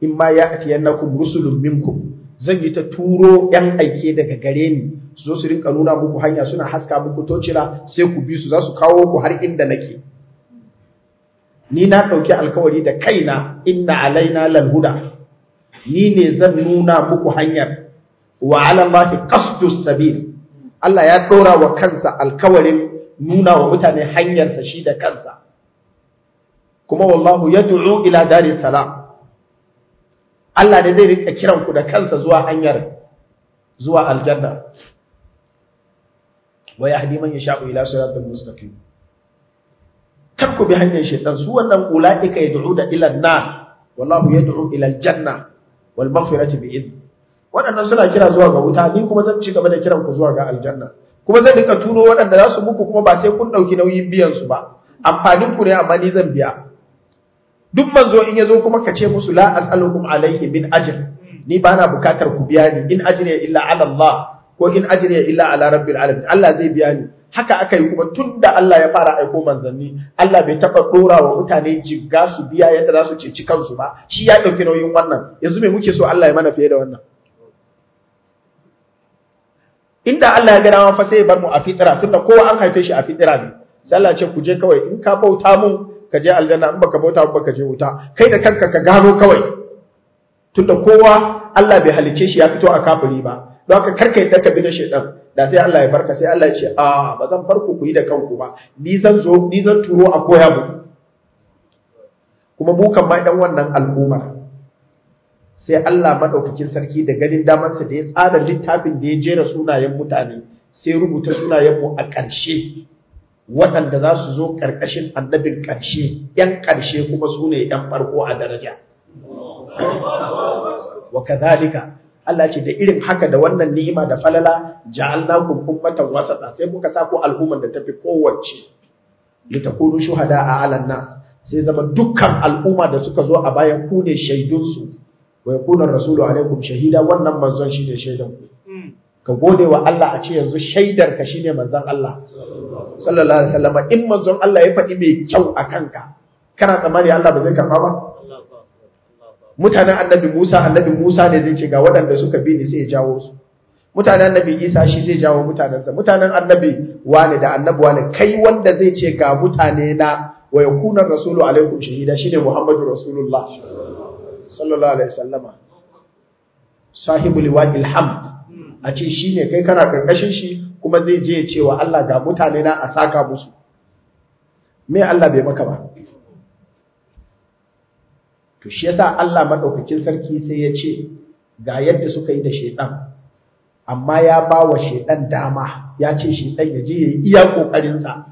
in ma ya ku rusulun minkum zan yi ta turo ‘yan aike daga gare ni su zo su rinka nuna muku hanya suna haska muku tocila sai ku bi su za su kawo ku har inda nake. Ni na ɗauki alkawari da kaina inna alaina lalhuda, ni ne zan nuna muku hanyar wa mafi kastus sabil. Allah ya ɗora wa kansa alkawarin nuna wa mutane hanyarsa shi da kansa. Kuma wallahu ya ila dari salam. Allah da zai rika kiranku da kansa zuwa hanyar zuwa aljanna wa yahdi man yasha'u ila siratal mustaqim kar ku bi hanyar shaytan su wannan ulaika yad'una ila an-nar wallahu yad'u ila janna wal maghfirati bi idh waɗannan suna kira zuwa ga wuta ni kuma zan ci gaba da kiran ku zuwa ga aljanna kuma zan rika turo waɗanda za su muku kuma ba sai kun ɗauki nauyin biyan su ba amfanin ku ne amma ni zan biya duk manzo in yazo kuma ka ce musu la as'alukum alayhi min ajr ni ba na bukatar ku biya ni in ajri illa ala Allah ko in ajri illa ala rabbil alamin Allah zai biya ni haka aka yi kuma Tunda Allah ya fara aiko manzanni Allah bai taba ɗora wa mutane jigga su biya yadda za su ceci kansu ba shi ya ɗauki nauyin wannan yanzu me muke so Allah ya mana fiye da wannan inda Allah ya gada fa sai ya bar mu a fitira tunda kowa an haife shi a fitira ne sai ce ku je kawai in ka bauta mu. ka je aljanna in baka bauta ba ka je wuta kai da kanka ka gano kawai tunda kowa Allah bai halice shi ya fito a kafiri ba don haka karka yadda ka bi na shedan da sai Allah ya barka sai Allah ya ce a ah, ba zan bar ku yi da kanku ba ni zan zo ni zan turo a koya mu kuma mu ma ɗan wannan al'ummar sai Allah madaukakin sarki da ganin sa da ya tsara littafin da ya jera sunayen mutane sai rubuta sunayen mu a ƙarshe waɗanda za su zo ƙarƙashin annabin ƙarshe ‘yan ƙarshe kuma su ne ‘yan farko a daraja wa kazalika Allah ce da irin haka da wannan ni'ima da falala ja'alnakum ummatan wasata sai muka sa ku al'umman da tafi kowace shuhada a 'alan nas sai zama dukkan al'umma da suka zo a bayan ku ne shaidunsu. su wa rasulu alaikum shahida wannan manzon shine shaidan ku hmm. ka gode wa Allah a ce yanzu shaidar ka shine manzon Allah sallallahu alaihi wasallam in manzon Allah ya faɗi mai kyau a kanka kana tsammani Allah ba zai karɓa ba mutanen annabi Musa annabi Musa ne zai ce ga waɗanda suka bi ni sai ya jawo su mutanen annabi Isa shi zai jawo mutanensa mutanen annabi wani da annabi wani kai wanda zai ce ga mutane na wa yakuna rasulu alaikum shahida shine Muhammadu rasulullah sallallahu alaihi wasallam sahibul wajil hamd a ce shine kai kana karkashin shi kuma zai je ya ce wa Allah ga mutane na a saka musu me Allah bai maka ba to shi yasa Allah madaukakin sarki sai ya ce ga yadda suka yi da shedan amma ya ba wa shedan dama ya ce shedan ya je ya yi iya kokarin sa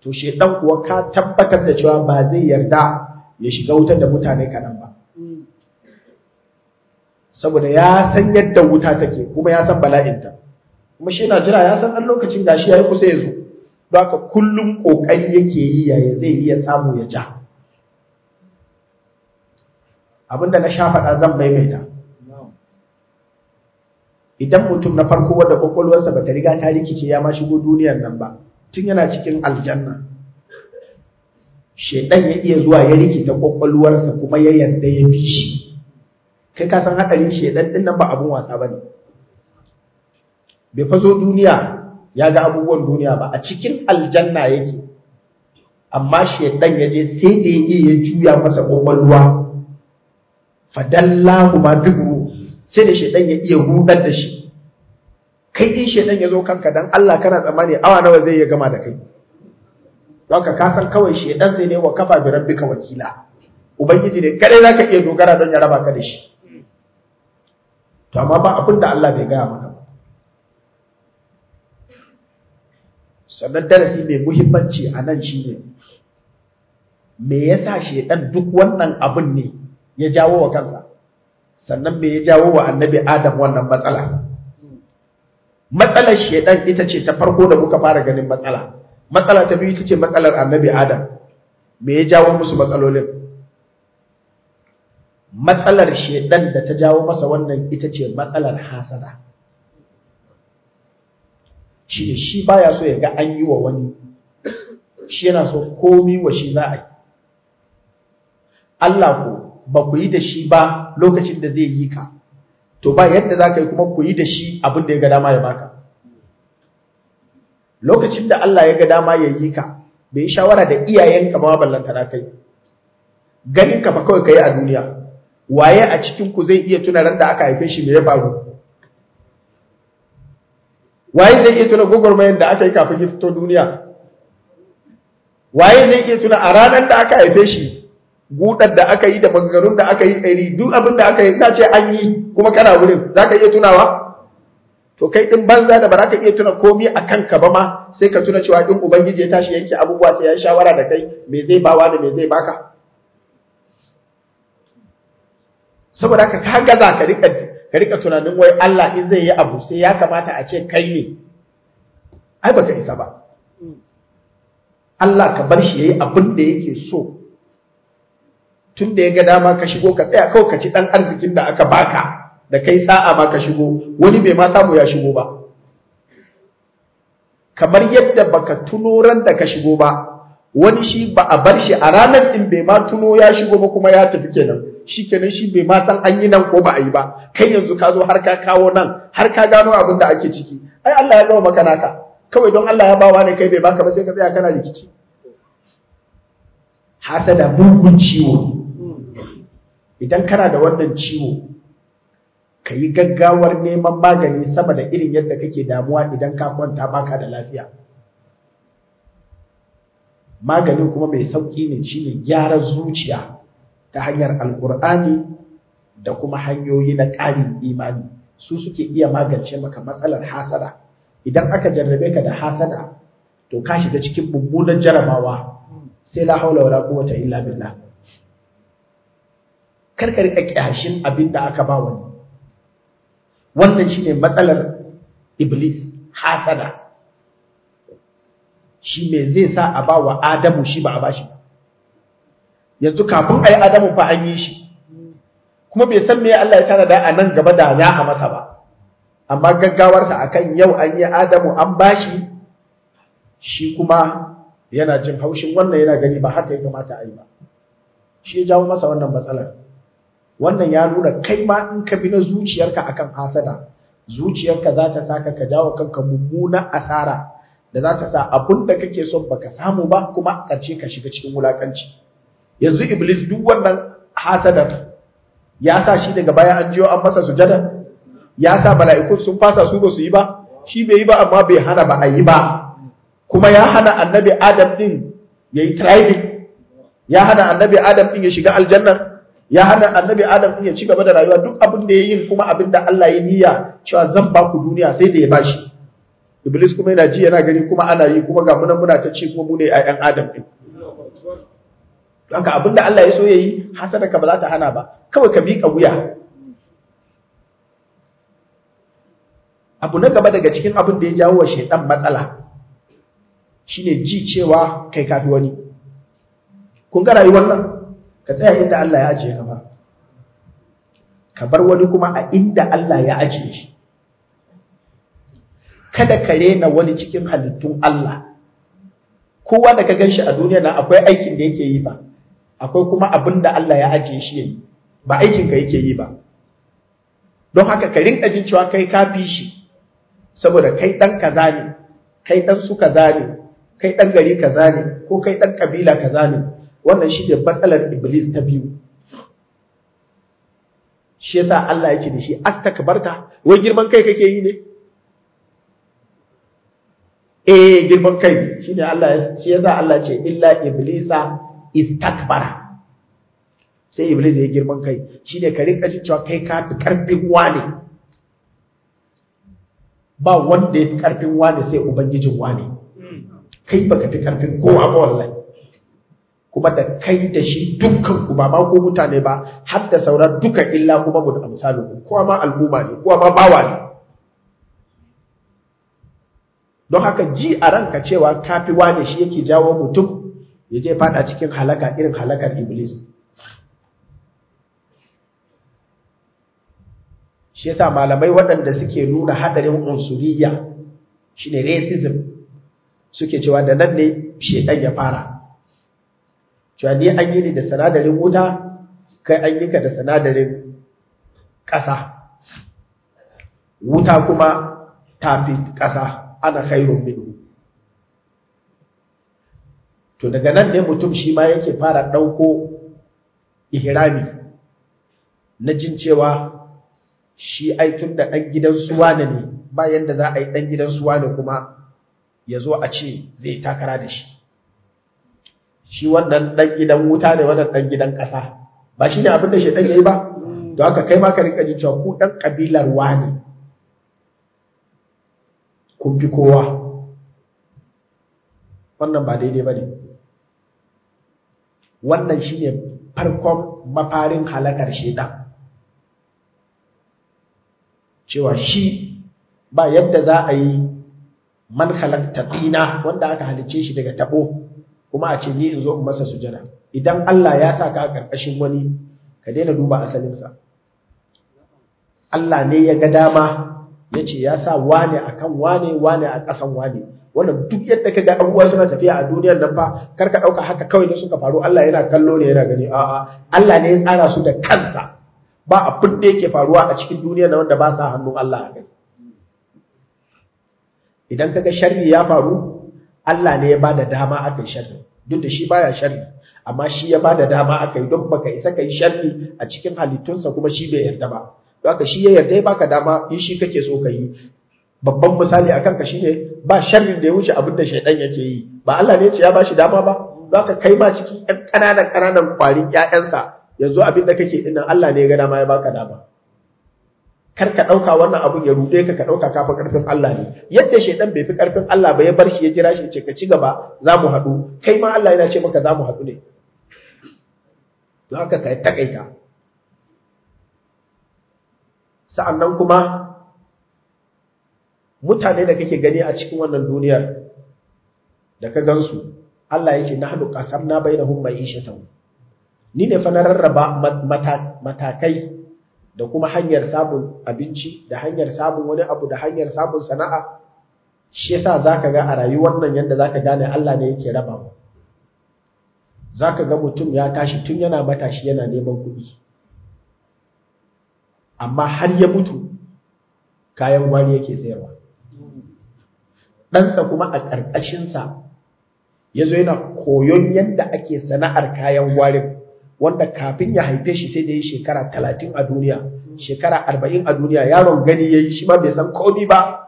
to shedan kuwa ka tabbatar da cewa ba zai yarda ya shiga wutar da mutane kaɗan ba saboda ya san yadda wuta take kuma ya san bala'inta kuma shi yana jira ya san ɗan lokacin gashi ya yi kusa ya zo ba ka kullum ƙoƙari yake yi yaya zai iya samu ya ja abinda na sha faɗa zan maimaita idan mutum na farko wadda kwakwalwarsa ba ta riga ta rikice ya ma shigo duniyar nan ba tun yana cikin aljanna shaidan ya iya zuwa ya rikita kwakwalwarsa kuma ya yarda ya bi shi kai ka san haɗarin shaidan ɗin nan ba abin wasa ba ne bai fazo duniya ya ga abubuwan duniya ba a cikin aljanna yake amma shaidan ya je sai da ya juya masa Fadalla fadallahu ma bibru sai da shaidan ya iya rudar da shi kai in shaidan ya zo kanka dan Allah kana tsammani awa nawa zai ya gama da kai don ka san kawai shaidan sai ne wa kafa bi rabbika wakila ubangiji ne kadai zaka iya dogara don ya raba ka da shi to amma ba abin da Allah bai gaya maka sannan darasi mai muhimmanci a nan shi ne me yasa shaidan duk wannan abin ne ya jawo wa kansa sannan me ya jawo wa annabi adam wannan matsala matsalar shaidan ita ce ta farko da muka fara ganin matsala matsala ta biyu ita ce matsalar annabi adam me ya jawo musu matsalolin matsalar shaidan da ta jawo masa wannan ita ce matsalar hasada shi ne shi baya so ya ga an yi wa wani shi yana so komi wa shi za a yi Allah ku ba ku yi da shi ba lokacin da zai yi ka to ba yadda za ka yi kuma ku yi da shi abin da ya ga dama ya baka lokacin da Allah ya ga dama ya yi ka bai shawara da iyayenka ma ballanta na kai ganin ka kawai kawai yi a duniya waye a cikin ku zai iya tuna ran da aka haife shi me ya faru waye zai iya tuna gwagwarmayar da aka yi kafin ya fito duniya waye zai iya tuna a ranar da aka haife shi gudar da aka yi da bangarun da aka yi ɗari duk abin da aka yi na ce an yi kuma kana wurin za ka iya tunawa to kai ɗin banza da ba ka iya tuna komi a kanka ba ma sai ka tuna cewa ɗin ubangiji ya tashi yanke abubuwa sai ya yi shawara da kai me zai bawa da me zai baka saboda ka gaza za ka riƙa ka rika tunanin wai Allah in zai yi abu sai ya kamata a ce kai ne ai ba ka isa ba Allah ka bar shi yayi abin da yake so tun da ya ga dama ka shigo ka tsaya kawai ka ci dan arzikin da aka baka da kai sa'a ma ka shigo wani bai ma samu ya shigo ba kamar yadda baka tuno ran da ka shigo ba wani shi ba a bar shi a ranar in bai ma tuno ya shigo ba kuma ya tafi kenan shikenan shi bai ma san an yi nan ko ba a yi ba kai yanzu ka zo har ka kawo nan har ka gano abin da ake ciki ai Allah ya gama maka naka kawai don Allah ya bawa ne kai bai baka ba sai ka tsaya kana rikici hasada mugun ciwo idan kana da wannan ciwo ka yi gaggawar neman magani sama da irin yadda kake damuwa idan ka kwanta baka da lafiya maganin kuma mai sauki ne shine gyara zuciya ta hanyar alkur'ani da kuma hanyoyi na ƙarin imani su suke iya magance maka matsalar hasada idan aka jarrabe ka da hasada to ka shiga cikin mummunan jarabawa sai la haula wala quwwata illa billah karka rika kyashin abin da aka ba wani wannan shine matsalar iblis hasada shi me zai sa a ba wa adamu shi ba a ba shi yanzu kafin a yi adamu fa an yi shi kuma bai san me Allah ya da a nan gaba da ya a masa ba amma gaggawarsa akan yau an yi adamu an bashi shi kuma yana jin haushin wannan yana gani ba haka ya kamata a yi ba shi ya jawo masa wannan matsalar wannan ya nuna kai ma in ka bi na zuciyarka akan hasada zuciyarka za ta saka ka jawo kanka mummuna asara da za ta sa abun da kake son baka samu ba kuma a ƙarshe ka shiga cikin wulakanci yanzu iblis duk wannan hasadar ya sa shi daga baya an jiyo an masa sujada ya sa mala'ikun sun fasa su ba su yi ba shi bai yi ba amma bai hana ba a yi ba kuma ya hana annabi adam din ya yi tribe ya hana annabi adam din ya shiga aljanna ya hana annabi adam din ya ci gaba da rayuwa duk abin da ya yi kuma abin da Allah ya niyya cewa zan ba ku duniya sai da ya bashi iblis kuma yana ji yana gani kuma ana yi kuma ga munan muna ta ci kuma mu ne 'ya'yan adam din Ka abinda Allah ya so yayi hasada ka ba za ta hana ba kawai ka miƙa wuya abu na gaba daga cikin abin da ya jawo wa shaidan matsala shine ji cewa kai kafi wani kun gara yi wannan? ka tsaya inda Allah ya ajiye ka ka bar wani kuma a inda Allah ya ajiye shi kada ka rena wani cikin halittun Allah kowa da ka gan shi a duniya na akwai aikin da yake yi ba akwai kuma abin da Allah ya ajiye shi yayi ba aikin ka yake yi ba don haka ka rinka jin cewa kai ka fi shi saboda kai dan kaza ne kai dan su kaza ne kai dan gari kaza ne ko kai dan kabila kaza ne wannan shi ne matsalar iblis ta biyu shi yasa Allah yake da shi astakbarta wai girman kai kake yi ne eh girman kai shine Allah shi yasa Allah ce illa iblisa istakbara sai iblis ya girman kai shi ne ka rinka ji cewa kai ka fi karfin wane ba wanda ya fi karfin wane sai ubangijin wane kai baka fi karfin kowa ba wallahi kuma da kai da shi dukkan ku ba ma ko mutane ba har da sauran duka illa kuma mu da misalin ku kowa ma al'umma ne kowa ma bawa ne don haka ji a ranka cewa kafi wane shi yake jawo mutum ya je fada cikin halaka irin halakar iblis shi yasa malamai waɗanda suke nuna haɗarin unsuriya shine racism suke cewa da nan ne shedan ya fara cewa ni an yi ni da sanadarin wuta kai an yi ka da sanadarin ƙasa wuta kuma tafi ƙasa ana khairun minhu to daga nan ne mutum shi ma yake fara ɗauko ihrami na jin cewa shi ai tun da ɗan gidan suwa ne ba yanda za a yi ɗan gidan suwa ne kuma ya zo a ce zai takara da shi shi wannan ɗan gidan wuta ne wannan ɗan gidan ƙasa ba shi ne abin da shaitan ya yi ba don haka kai ma ka rinka jin cewa ku ɗan ƙabilar wani kun fi kowa wannan ba daidai ba ne wannan shine farkon mafarin halakar shaidan cewa shi ba yadda za a yi man halatta tsina wanda aka halice shi daga tabo kuma a ce ni in zo in masa sujada idan Allah ya sa ka a ƙarƙashin wani ka daina duba asalinsa Allah ne ya ga dama ya ce ya sa wane a kan wane wane a ƙasan wane wannan duk yadda kaga ga abubuwa suna tafiya a duniyar nan fa kar ka ɗauka haka kawai ne suka faru Allah yana kallo ne yana gani a'a Allah ne ya tsara su da kansa ba abin da yake faruwa a cikin duniyar nan wanda ba sa hannun Allah a kai idan kaga sharri ya faru Allah ne ya bada dama akai sharri duk da shi baya sharri amma shi ya bada dama aka yi don baka isa kai sharri a cikin halittunsa kuma shi bai yarda ba haka shi ya yarda ya baka dama in shi kake so ka yi babban misali akan ka shine ba sharrin da ya wuce abin da shaidan yake yi ba Allah ne ya ce ya bashi dama ba za ka kai ma cikin ɗan ƙananan ƙananan ƙwarin ƴaƴansa yanzu abin da kake ina Allah ne ya ga dama ya baka dama kar ka ɗauka wannan abun ya ruɗe ka ka ɗauka ka fi ƙarfin Allah ne yadda shaidan bai fi ƙarfin Allah ba ya bar shi ya jira shi ce ka ci gaba za mu haɗu kai ma Allah yana ce maka za mu haɗu ne don haka ka sa'annan kuma mutane da kake gani a cikin wannan duniyar da ka gansu Allah yake nahnu qasamna bainahum ma'ishatan ni ne fa na rarraba matakai da kuma hanyar samun abinci da hanyar samun wani abu da hanyar samun sana'a shi yasa zaka ga a rayuwar nan yanda zaka gane Allah ne yake raba mu zaka ga mutum ya tashi tun yana matashi yana neman kuɗi amma har ya mutu kayan gwari yake tsayarwa. ɗansa kuma a ƙarƙashinsa ya zo yana koyon yadda ake sana'ar kayan warin wanda kafin ya haife shi sai da ya shekara talatin a duniya shekara arba'in a duniya yaron gani ya yi shi ba bai san komi ba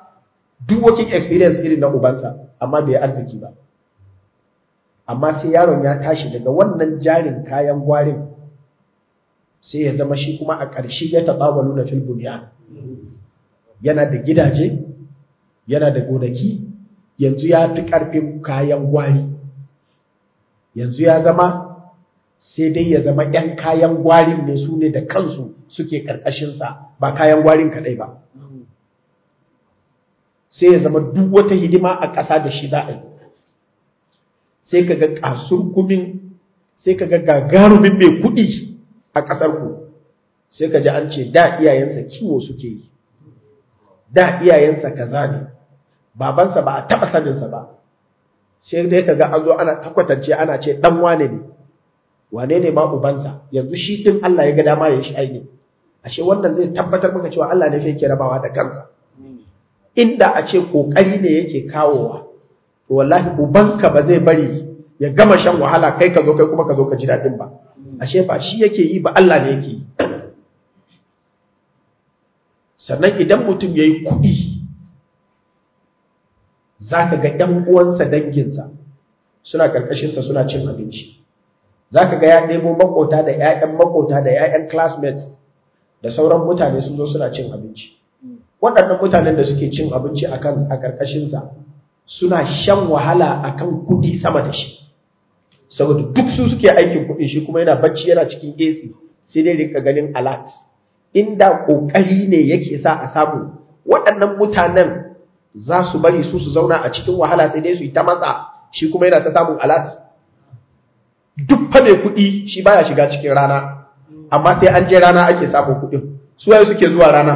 duk working experience irin na ubansa amma bai arziki ba amma sai yaron ya tashi daga wannan jarin kayan gwarin sai ya zama shi kuma a ƙarshe ya taɓa wa nuna fil yana da gidaje yana da gonaki yanzu ya fi ƙarfin kayan gwari yanzu ya zama sai dai ya zama ‘yan kayan gwari ne su ne da kansu suke ƙarƙashinsa ba kayan gwarin kaɗai ba sai ya zama duk wata hidima a ƙasa da shi za a yi sai ka ga ƙasurkumin sai ka ga gagarumin mai kuɗi a ƙasar ku, sai ka ji an ce da iyayensa kiwo suke yi da iyayensa kaza ne babansa ba a taɓa saninsa ba sai dai ka ga an zo ana takwatance ana ce dan wane ne wane ne ma ubansa yanzu shi din Allah ya ga dama ya shi aini ashe wannan zai tabbatar maka cewa Allah ne yake rabawa da kansa inda a ce kokari ne yake kawowa to wallahi ubanka ba zai bari ya gama shan wahala kai ka zo kai kuma ka zo ka ji dadin ba ashe ba shi yake yi ba Allah ne yake yi sannan idan mutum ya yi kuɗi za ka ga ‘yan uwansa danginsa suna ƙarƙashinsa suna cin abinci za ka ga ya ɗebo makota da ‘ya'yan makota da ‘ya'yan classmates da sauran mutane sun zo suna cin abinci waɗannan mutanen da suke cin abinci a ƙarƙashinsa suna shan wahala a kan kuɗi sama da shi saboda duk su suke aikin kuɗi shi kuma yana bacci yana cikin AC sai dai rika ganin alert inda ƙoƙari ne yake sa a samu waɗannan mutanen za su bari su su zauna a cikin wahala sai dai su yi ta matsa shi kuma yana ta samun alat duk fa mai kuɗi shi baya shiga cikin rana amma sai an je rana ake samun kuɗin su waye suke zuwa rana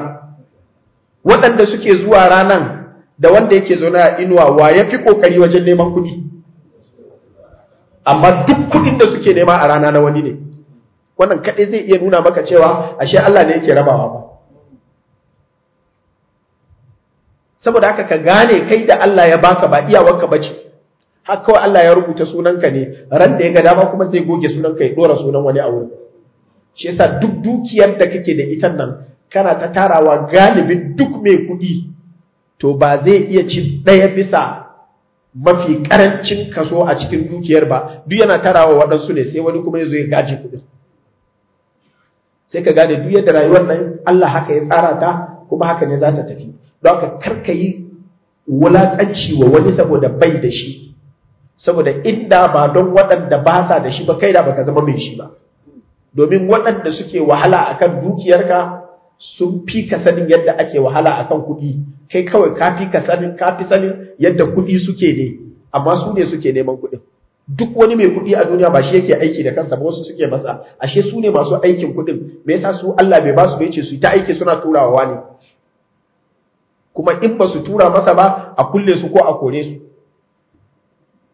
waɗanda suke zuwa ranan da wanda yake zaune a inuwa wa ya fi ƙoƙari wajen neman kuɗi amma duk kuɗin da suke nema a rana na wani ne wannan kaɗai zai iya nuna maka cewa ashe Allah ne yake rabawa ba saboda haka ka gane kai da Allah ya baka ba iyawarka ce har kawai Allah ya rubuta sunanka ne ran da ya ga dama kuma zai goge sunanka ya dora sunan wani a wurin shi yasa duk dukiyar da kake da ita nan kana ta tarawa galibin duk mai kuɗi to ba zai iya ci ɗaya bisa mafi ƙarancin kaso a cikin dukiyar ba duk yana tarawa waɗansu ne sai wani kuma ya zo ya gaji kuɗi. sai ka gane duk yadda rayuwar nan Allah haka ya tsara ta kuma haka ne za ta tafi don ka karka yi wulaƙanci wa wani saboda bai da shi saboda inda ba don waɗanda ba sa da shi ba kai da baka zama mai shi ba domin waɗanda suke wahala akan dukiyarka sun fi ka sanin yadda ake wahala akan kuɗi kai kawai ka fi sanin ka fi sanin yadda kuɗi suke ne amma su ne suke neman kuɗin duk wani mai kuɗi a duniya ba shi yake aiki da kansa ba wasu suke masa ashe su ne masu aikin kuɗin me yasa su Allah bai ba su bai ce su ta aiki suna turawa ne kuma in ba su tura masa ba a kulle su ko a kore su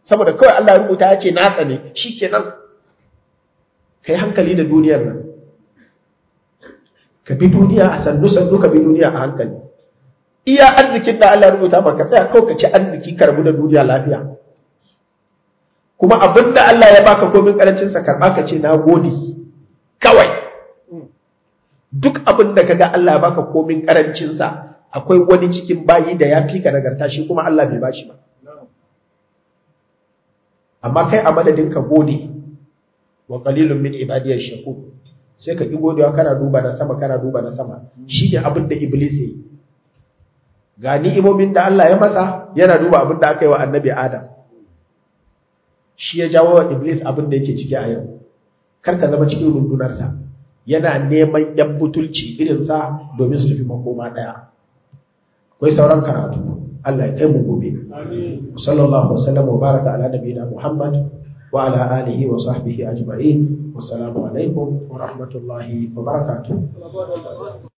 saboda kawai Allah ya rubuta ya ce na tsane shikenan kai hankali da duniyar nan ka bi duniya a sandu sandu ka bi duniya a hankali iya arzikin da Allah rubuta maka tsaya kawai ka ci arziki karbu da duniya lafiya kuma abin da Allah ya baka komin karancin sa karba ka ce na gode kawai duk abin da kaga Allah ya baka komin karancin sa akwai wani cikin bayi da ya fi ka nagarta shi kuma Allah bai bashi ba amma kai a madadin ka gode wa qalilun min ibadiyar shaku. sai ka ki godewa kana duba na sama kana duba na sama ne abin da iblis yayi ga ni'imomin da Allah ya masa yana duba abin da aka yi wa annabi Adam shi ya jawo wa iblis abin da yake ciki a yau kar ka zama cikin rundunarsa yana neman yan butulci sa domin su tafi makoma ɗaya akwai sauran karatu Allah ya kai mu gobe sallallahu wasallam wa baraka ala nabiyina Muhammad wa ala alihi wa sahbihi ajma'in wassalamu alaikum wa rahmatullahi wa barakatuh